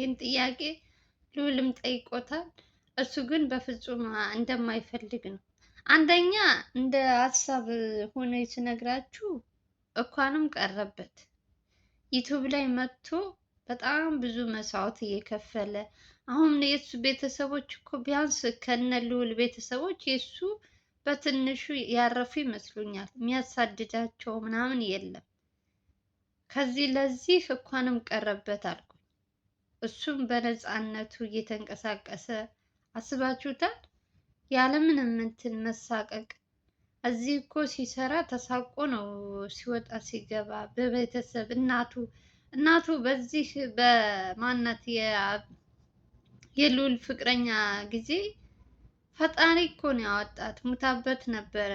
ይህን ጥያቄ ልዑልም ጠይቆታል። እሱ ግን በፍጹም እንደማይፈልግ ነው። አንደኛ እንደ ሀሳብ ሆኖ ስነግራችሁ እኳንም ቀረበት ዩቱብ ላይ መጥቶ በጣም ብዙ መስዋዕት እየከፈለ አሁን የእሱ ቤተሰቦች እኮ ቢያንስ ከነ ልዑል ቤተሰቦች የእሱ በትንሹ ያረፉ ይመስሉኛል። የሚያሳድዳቸው ምናምን የለም። ከዚህ ለዚህ እኳንም ቀረበት አልኩ። እሱም በነፃነቱ እየተንቀሳቀሰ አስባችሁታል? ያለምንም እንትን መሳቀቅ። እዚህ እኮ ሲሰራ ተሳቆ ነው ሲወጣ ሲገባ፣ በቤተሰብ እናቱ እናቱ በዚህ በማናት የሉል ፍቅረኛ ጊዜ ፈጣሪ እኮ ነው ያወጣት። ሙታበት ነበረ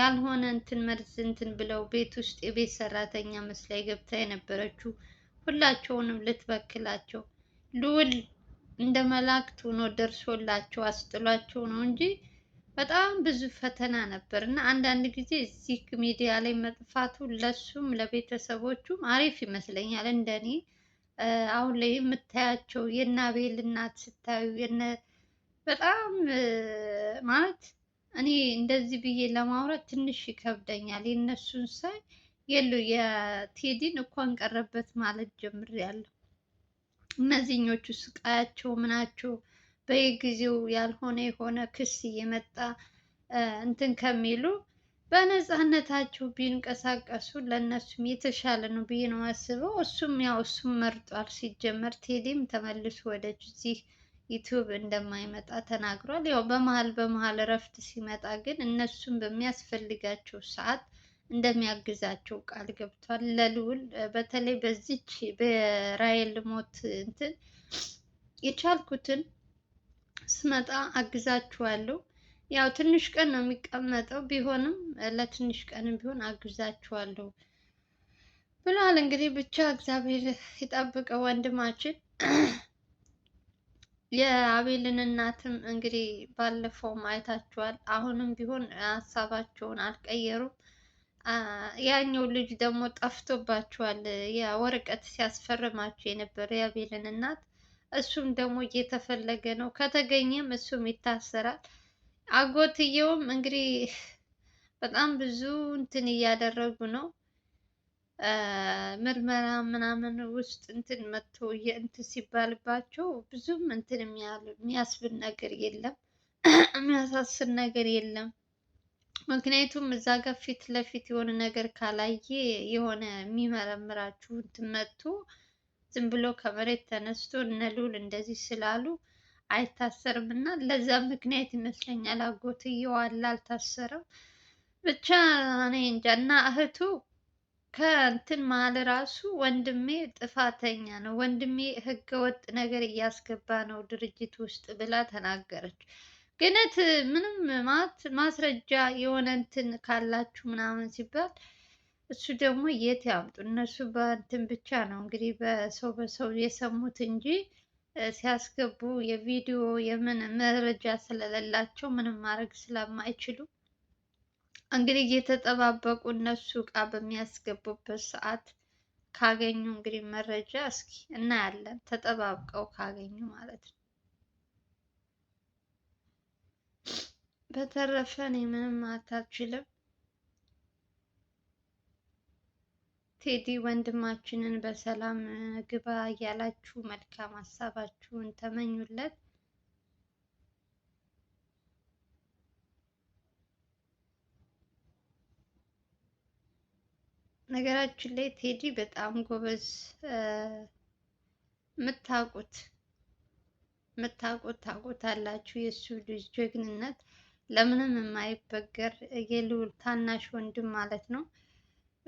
ያልሆነ እንትን መርዝ እንትን ብለው ቤት ውስጥ የቤት ሰራተኛ መስላ ገብታ የነበረችው ሁላቸውንም ልትበክላቸው ልዑል እንደ መላእክት ሆኖ ደርሶላቸው አስጥሏቸው ነው እንጂ በጣም ብዙ ፈተና ነበር እና አንዳንድ ጊዜ እዚህ ሚዲያ ላይ መጥፋቱ ለሱም ለቤተሰቦቹም አሪፍ ይመስለኛል። እንደኔ አሁን ላይ የምታያቸው የእነ አቤል እናት ስታዩ የነ በጣም ማለት እኔ እንደዚህ ብዬ ለማውራት ትንሽ ይከብደኛል። የእነሱን ሳይ የሉ የቴዲን እንኳን ቀረበት ማለት ጀምሬያለሁ። እነዚህኞቹ ስቃያቸው ምናቸው በየጊዜው ያልሆነ የሆነ ክስ እየመጣ እንትን ከሚሉ በነፃነታቸው ቢንቀሳቀሱ ለእነሱም የተሻለ ነው ብዬ ነው አስበው። እሱም ያው እሱም መርጧል። ሲጀመር ቴሌም ተመልሶ ወደዚህ ዩቲዩብ እንደማይመጣ ተናግሯል። ያው በመሀል በመሀል እረፍት ሲመጣ ግን እነሱም በሚያስፈልጋቸው ሰዓት እንደሚያግዛቸው ቃል ገብቷል ለልዑል። በተለይ በዚች በራይል ሞት እንትን የቻልኩትን ስመጣ አግዛችኋለሁ። ያው ትንሽ ቀን ነው የሚቀመጠው፣ ቢሆንም ለትንሽ ቀንም ቢሆን አግዛችኋለሁ ብሏል። እንግዲህ ብቻ እግዚአብሔር ይጠብቀው ወንድማችን። የአቤልን እናትም እንግዲህ ባለፈው አይታችኋል። አሁንም ቢሆን ሀሳባቸውን አልቀየሩም። ያኛው ልጅ ደግሞ ጠፍቶባቸዋል። ያ ወረቀት ሲያስፈርማቸው የነበረ የአቤልን እናት፣ እሱም ደግሞ እየተፈለገ ነው። ከተገኘም እሱም ይታሰራል። አጎትየውም እንግዲህ በጣም ብዙ እንትን እያደረጉ ነው። ምርመራ ምናምን ውስጥ እንትን መጥቶ እንትን ሲባልባቸው ብዙም እንትን የሚያስብል ነገር የለም፣ የሚያሳስብ ነገር የለም። ምክንያቱም እዛ ጋር ፊት ለፊት የሆነ ነገር ካላየ የሆነ የሚመረምራችሁ እንትን መጥቶ ዝም ብሎ ከመሬት ተነስቶ እነ ልዑል እንደዚህ ስላሉ አይታሰርም እና ለዛ ምክንያት ይመስለኛል አጎትየው አለ አልታሰረም። ብቻ እኔ እንጃ። እና እህቱ ከእንትን መሀል ራሱ ወንድሜ ጥፋተኛ ነው፣ ወንድሜ ህገወጥ ነገር እያስገባ ነው ድርጅት ውስጥ ብላ ተናገረች። ግነት ምንም ማለት ማስረጃ የሆነ እንትን ካላችሁ ምናምን ሲባል እሱ ደግሞ የት ያምጡ? እነሱ በእንትን ብቻ ነው እንግዲህ በሰው በሰው የሰሙት እንጂ ሲያስገቡ የቪዲዮ የምን መረጃ ስለሌላቸው ምንም ማድረግ ስለማይችሉ እንግዲህ እየተጠባበቁ እነሱ እቃ በሚያስገቡበት ሰዓት ካገኙ እንግዲህ መረጃ እስኪ እናያለን። ተጠባብቀው ካገኙ ማለት ነው። በተረፈ እኔ ምንም አታችልም። ቴዲ ወንድማችንን በሰላም ግባ እያላችሁ መልካም ሀሳባችሁን ተመኙለት። ነገራችን ላይ ቴዲ በጣም ጎበዝ የምታውቁት የምታውቁት ታውቁታላችሁ የእሱ ልጅ ጀግንነት ለምንም የማይበገር የልዑል ታናሽ ወንድም ማለት ነው።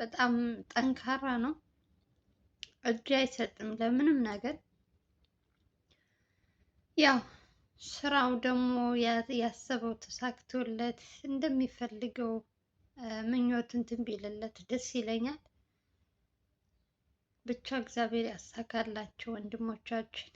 በጣም ጠንካራ ነው። እጅ አይሰጥም ለምንም ነገር። ያው ስራው ደግሞ ያሰበው ተሳክቶለት እንደሚፈልገው ምኞት እንትን ቢልለት ደስ ይለኛል። ብቻ እግዚአብሔር ያሳካላቸው ወንድሞቻችን።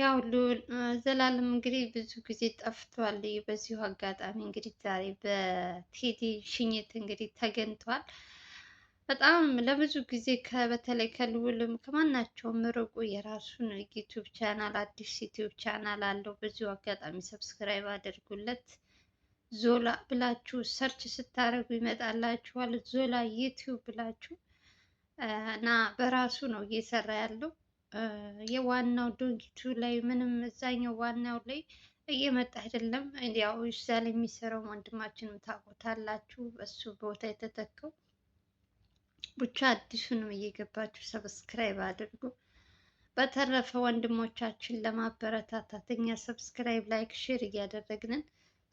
ያው ዘላለም እንግዲህ ብዙ ጊዜ ጠፍቷል። በዚሁ አጋጣሚ እንግዲህ ዛሬ በቴዲ ሽኝት እንግዲህ ተገኝቷል። በጣም ለብዙ ጊዜ በተለይ ከልዑልም ከማናቸውም ርቁ የራሱን ዩቲዩብ ቻናል አዲስ ዩቲዩብ ቻናል አለው። በዚሁ አጋጣሚ ሰብስክራይብ አድርጉለት። ዞላ ብላችሁ ሰርች ስታደርጉ ይመጣላችኋል። ዞላ ዩቲዩብ ብላችሁ እና በራሱ ነው እየሰራ ያለው የዋናው ድርጅቱ ላይ ምንም እዛኛው ዋናው ላይ እየመጣ አይደለም። ያው እዛ ላይ የሚሰራው ወንድማችንም ታውቁታላችሁ። በሱ ቦታ የተተካው ብቻ አዲሱንም እየገባችሁ ሰብስክራይብ አድርጉ። በተረፈ ወንድሞቻችን ለማበረታታት እኛ ሰብስክራይብ፣ ላይክ፣ ሼር እያደረግንን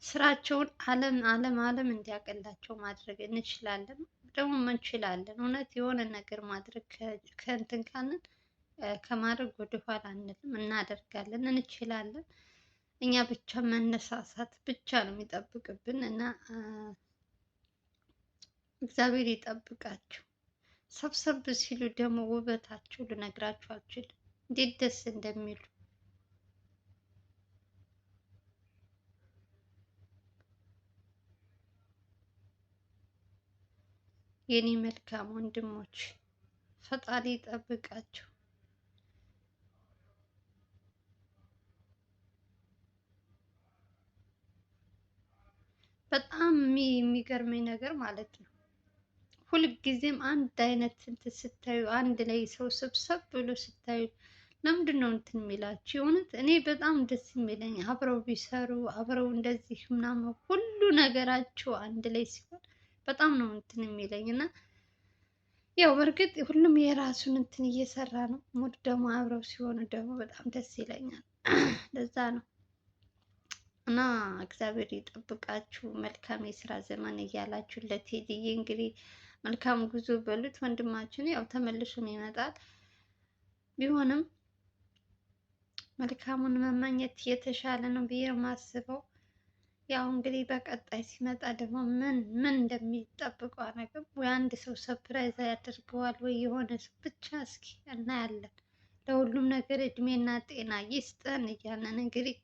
ስራቸውን አለም አለም አለም እንዲያቀላቸው ማድረግ እንችላለን። ደግሞ እንችላለን እውነት የሆነ ነገር ማድረግ ከእንትን ካልን ከማድረግ ወደኋላ አንልም፣ እናደርጋለን፣ እንችላለን። እኛ ብቻ መነሳሳት ብቻ ነው የሚጠብቅብን እና እግዚአብሔር ይጠብቃቸው። ሰብሰብ ሲሉ ደግሞ ውበታቸው ልነግራቸው አልችልም፣ እንዴት ደስ እንደሚሉ የኔ መልካም ወንድሞች ፈጣሪ ይጠብቃቸው። በጣም የሚገርመኝ ነገር ማለት ነው። ሁልጊዜም አንድ አይነት እንትን ስታዩ አንድ ላይ ሰው ሰብሰብ ብሎ ስታዩ ለምንድን ነው እንትን የሚላችሁ? የእውነት እኔ በጣም ደስ የሚለኝ አብረው ቢሰሩ አብረው እንደዚህ ምናምን ሁሉ ነገራቸው አንድ ላይ ሲሆን በጣም ነው እንትን የሚለኝ እና ያው በእርግጥ ሁሉም የራሱን እንትን እየሰራ ነው። ሙድ ደግሞ አብረው ሲሆኑ ደግሞ በጣም ደስ ይለኛል። ለዛ ነው እና እግዚአብሔር ይጠብቃችሁ፣ መልካም የስራ ዘመን እያላችሁ ለቴዲዬ እንግዲህ መልካም ጉዞ በሉት። ወንድማችን ያው ተመልሶም ይመጣል። ቢሆንም መልካሙን መመኘት የተሻለ ነው ብዬ ነው የማስበው። ያው እንግዲህ በቀጣይ ሲመጣ ደግሞ ምን ምን እንደሚጠብቀው አናውቅም። ወይ አንድ ሰው ሰፕራይዝ ያደርገዋል፣ ወይ የሆነ ሰው ብቻ እስኪ እናያለን። ለሁሉም ነገር እድሜና ጤና ይስጠን እያለን እንግዲህ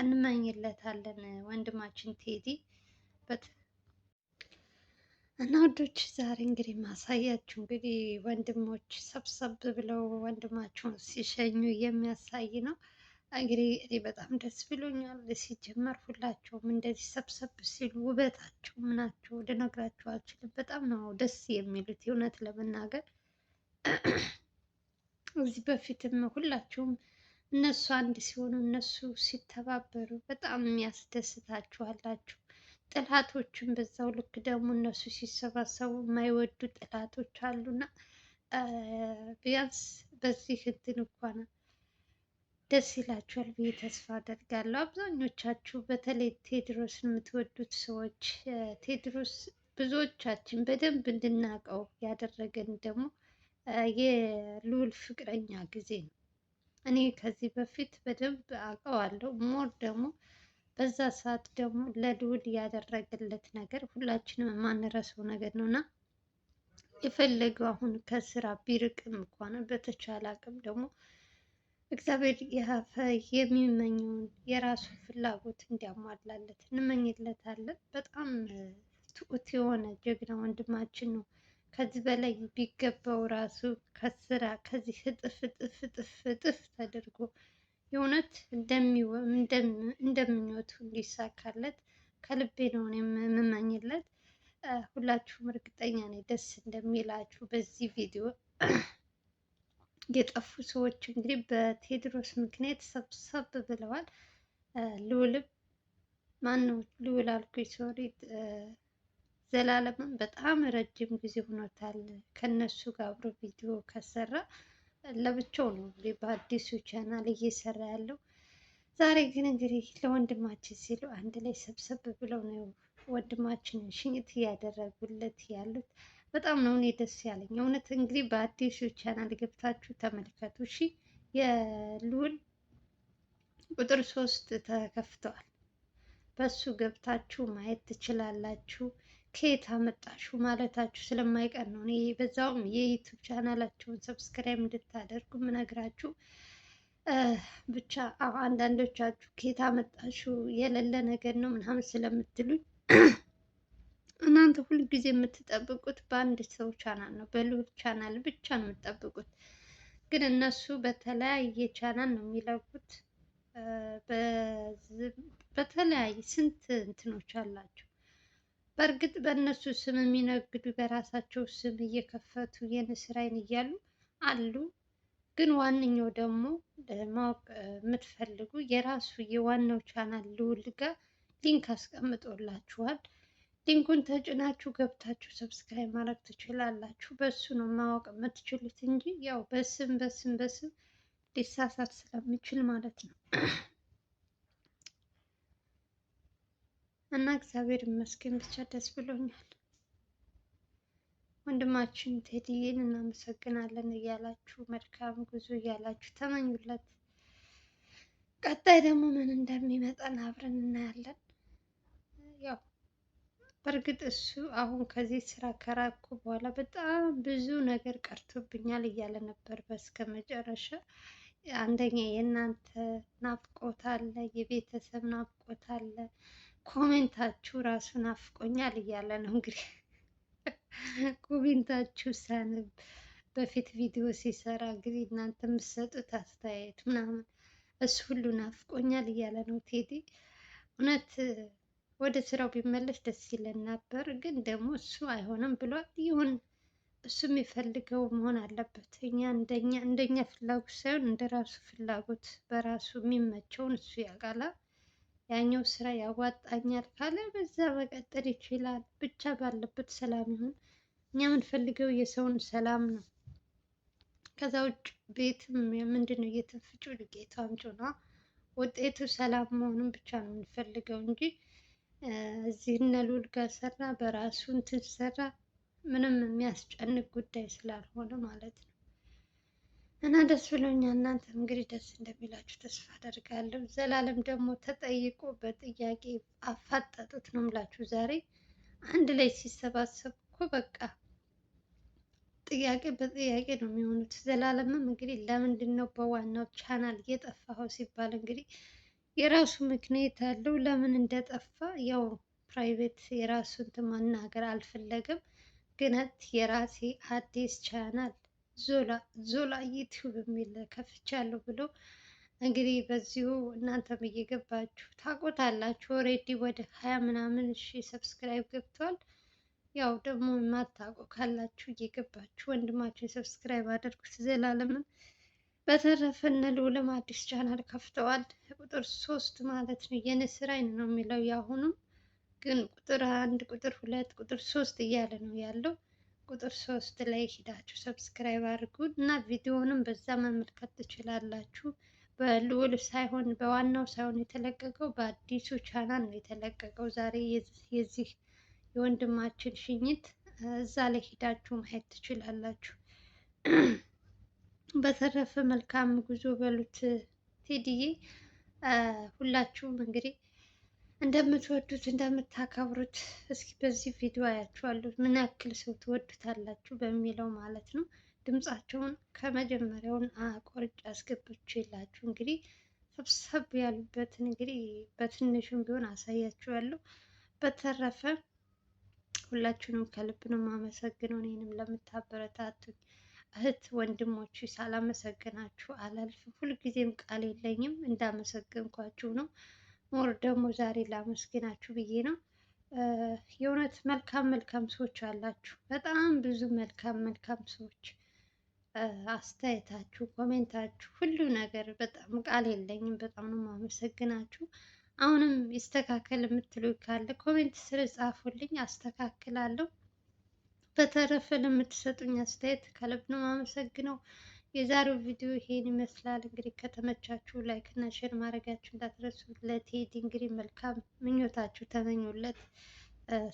እንመኝለታለን ወንድማችን ቴዲ በት እና ወዶች ዛሬ እንግዲህ ማሳያችሁ እንግዲህ ወንድሞች ሰብሰብ ብለው ወንድማቸውን ሲሸኙ የሚያሳይ ነው። እንግዲህ እኔ በጣም ደስ ብሎኛል። ሲጀመር ሁላቸውም እንደዚህ ሰብሰብ ሲሉ ውበታቸው ምናቸው ልነግራችሁ አልችልም። በጣም ነው ደስ የሚሉት እውነት ለመናገር እዚህ በፊትም ሁላቸውም እነሱ አንድ ሲሆኑ እነሱ ሲተባበሩ በጣም የሚያስደስታችሁ አላችሁ። ጥላቶችም በዛው ልክ ደግሞ እነሱ ሲሰባሰቡ የማይወዱ ጥላቶች አሉና ቢያንስ በዚህ እንትን እንኳን ደስ ይላችኋል ብዬ ተስፋ አደርጋለሁ። አብዛኞቻችሁ በተለይ ቴድሮስን የምትወዱት ሰዎች ቴድሮስ ብዙዎቻችን በደንብ እንድናውቀው ያደረገን ደግሞ የልዑል ፍቅረኛ ጊዜ ነው። እኔ ከዚህ በፊት በደንብ አውቀዋለሁ። ሞር ደግሞ በዛ ሰዓት ደግሞ ለልዑል ያደረገለት ነገር ሁላችንም የማንረሳው ነገር ነው እና የፈለገው አሁን ከስራ ቢርቅም ከሆነ በተቻለ አቅም ደግሞ እግዚአብሔር የሚመኘውን የራሱ ፍላጎት እንዲያሟላለት እንመኝለታለን። በጣም ትሁት የሆነ ጀግና ወንድማችን ነው። ከዚህ በላይ ቢገባው ራሱ ከስራ ከዚህ እጥፍ እጥፍ እጥፍ እጥፍ ተደርጎ የእውነት እንደምኞቱ እንዲሳካለት ከልቤ ነው የምመኝለት። ሁላችሁም እርግጠኛ ነኝ ደስ እንደሚላችሁ በዚህ ቪዲዮ። የጠፉ ሰዎች እንግዲህ በቴዎድሮስ ምክንያት ሰብሰብ ብለዋል። ማን ነው ልውል አልኩኝ ሶሪ ዘላለምን በጣም ረጅም ጊዜ ሆኖታል ከነሱ ጋር አብሮ ቪዲዮ ከሰራ ለብቻው ነው እንግዲህ በአዲሱ ቻናል እየሰራ ያለው። ዛሬ ግን እንግዲህ ለወንድማችን ሲሉ አንድ ላይ ሰብሰብ ብለው ነው ወንድማችንን ሽኝት እያደረጉለት ያሉት። በጣም ነው እኔ ደስ ያለኝ እውነት። እንግዲህ በአዲሱ ቻናል ገብታችሁ ተመልከቱ። እሺ የልዑል ቁጥር ሶስት ተከፍተዋል። በሱ ገብታችሁ ማየት ትችላላችሁ። ከየት አመጣችሁ ማለታችሁ ስለማይቀር ነው። እኔ በዛውም የዩቱብ ቻናላቸውን ሰብስክራይብ እንድታደርጉ ምነግራችሁ። ብቻ አንዳንዶቻችሁ ከየት አመጣችሁ የሌለ ነገር ነው ምናምን ስለምትሉኝ እናንተ ጊዜ የምትጠብቁት በአንድ ሰው ቻናል ነው፣ በልዑል ቻናል ብቻ ነው የምትጠብቁት። ግን እነሱ በተለያየ ቻናል ነው የሚለቁት። በተለያየ ስንት እንትኖች አላቸው በእርግጥ በእነሱ ስም የሚነግዱ በራሳቸው ስም እየከፈቱ ይህን ስራዬን እያሉ አሉ። ግን ዋነኛው ደግሞ ማወቅ የምትፈልጉ የራሱ የዋናው ቻናል ልዑል ጋር ሊንክ አስቀምጦላችኋል። ሊንኩን ተጭናችሁ ገብታችሁ ሰብስክራይብ ማድረግ ትችላላችሁ። በሱ ነው ማወቅ የምትችሉት እንጂ ያው በስም በስም በስም ሊሳሳት ስለሚችል ማለት ነው። እና እግዚአብሔር ይመስገን ብቻ ደስ ብሎኛል። ወንድማችን ቴዲዬን እናመሰግናለን እያላችሁ መልካም ጉዞ እያላችሁ ተመኙለት። ቀጣይ ደግሞ ምን እንደሚመጣን አብረን እናያለን። ያው በእርግጥ እሱ አሁን ከዚህ ስራ ከራኩ በኋላ በጣም ብዙ ነገር ቀርቶብኛል እያለ ነበር። በስከ መጨረሻ አንደኛ የእናንተ ናፍቆት አለ፣ የቤተሰብ ናፍቆት አለ ኮሜንታችሁ ራሱ ናፍቆኛል እያለ ነው እንግዲህ ኮሜንታችሁ ሳንብ በፊት ቪዲዮ ሲሰራ እንግዲህ እናንተ የምትሰጡት አስተያየት ምናምን እሱ ሁሉ ናፍቆኛል እያለ ነው ቴዲ። እውነት ወደ ስራው ቢመለስ ደስ ይለን ነበር፣ ግን ደግሞ እሱ አይሆንም ብሏል። ይሁን እሱ የሚፈልገው መሆን አለበት። እኛ እንደኛ እንደኛ ፍላጎት ሳይሆን እንደ ራሱ ፍላጎት በራሱ የሚመቸውን እሱ ያውቃላል። ያኛው ስራ ያዋጣኛል ካለ በዛ መቀጠል ይችላል። ብቻ ባለበት ሰላም ይሁን። እኛ የምንፈልገው የሰውን ሰላም ነው። ከዛ ውጭ ቤትም ምንድን ነው እየተንፍጩ ዱቄት አምጪ ውጤቱ ሰላም መሆኑን ብቻ ነው የምንፈልገው እንጂ እዚህ እነ ጋር ሰራ በራሱ እንትን ሰራ ምንም የሚያስጨንቅ ጉዳይ ስላልሆነ ማለት ነው። እና ደስ ብሎኛል። እናንተ እንግዲህ ደስ እንደሚላችሁ ተስፋ አደርጋለሁ። ዘላለም ደግሞ ተጠይቆ በጥያቄ አፋጠጡት ነው የምላችሁ። ዛሬ አንድ ላይ ሲሰባሰብ እኮ በቃ ጥያቄ በጥያቄ ነው የሚሆኑት። ዘላለምም እንግዲህ ለምንድን ነው በዋናው ቻናል የጠፋኸው ሲባል እንግዲህ የራሱ ምክንያት አለው። ለምን እንደጠፋ ያው ፕራይቬት የራሱን እንትን መናገር አልፈለገም። ግነት የራሴ አዲስ ቻናል ዞላ ዞላ ዩቲዩብ የሚል ከፍቻለሁ ብለው እንግዲህ በዚሁ እናንተም እየገባችሁ ታውቁታላችሁ። ኦልሬዲ ወደ ሀያ ምናምን ሺ ሰብስክራይብ ገብቷል። ያው ደግሞ የማታውቁ ካላችሁ እየገባችሁ ወንድማችሁ ሰብስክራይብ አድርጉት። ዘላለምን በተረፈ እነ ልዑልም አዲስ ቻናል ከፍተዋል። ቁጥር ሶስት ማለት ነው የንስር አይን ነው የሚለው። የአሁኑም ግን ቁጥር አንድ፣ ቁጥር ሁለት፣ ቁጥር ሶስት እያለ ነው ያለው። ቁጥር ሶስት ላይ ሂዳችሁ ሰብስክራይብ አድርጉ እና ቪዲዮውንም በዛ መመልከት ትችላላችሁ። በልዑል ሳይሆን በዋናው ሳይሆን የተለቀቀው በአዲሱ ቻናል ነው የተለቀቀው። ዛሬ የዚህ የወንድማችን ሽኝት እዛ ላይ ሂዳችሁ ማየት ትችላላችሁ። በተረፈ መልካም ጉዞ በሉት ቴዲዬ። ሁላችሁም እንግዲህ እንደምትወዱት እንደምታከብሩት እስኪ በዚህ ቪዲዮ አያችኋለሁ። ምን ያክል ሰው ትወዱታላችሁ በሚለው ማለት ነው። ድምጻቸውን ከመጀመሪያውን ቆርጬ አስገብቼላችሁ እንግዲህ ሰብሰብ ያሉበትን እንግዲህ በትንሹም ቢሆን አሳያችኋለሁ። በተረፈ ሁላችሁንም ከልብ ነው የማመሰግነው እኔንም ለምታበረታቱኝ እህት ወንድሞች ሳላመሰግናችሁ አላልፍም። ሁልጊዜም ቃል የለኝም፣ እንዳመሰገንኳችሁ ነው። ሞር ደግሞ ዛሬ ላመስግናችሁ ብዬ ነው። የእውነት መልካም መልካም ሰዎች አላችሁ። በጣም ብዙ መልካም መልካም ሰዎች አስተያየታችሁ፣ ኮሜንታችሁ፣ ሁሉ ነገር በጣም ቃል የለኝም። በጣም ነው የማመሰግናችሁ። አሁንም ይስተካከል የምትሉ ካለ ኮሜንት ስር ጻፉልኝ፣ አስተካክላለሁ። በተረፈ ለምትሰጡኝ አስተያየት ከልብ ነው የማመሰግነው። የዛሬው ቪዲዮ ይሄን ይመስላል። እንግዲህ ከተመቻችሁ ላይክ እና ሼር ማድረጋችሁ እንዳትረሱ። ለቴዲ እንግዲህ መልካም ምኞታችሁ ተመኙለት።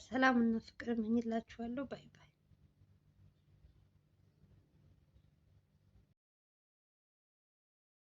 ሰላም እና ፍቅር እመኝላችኋለሁ። ባይ ባይ።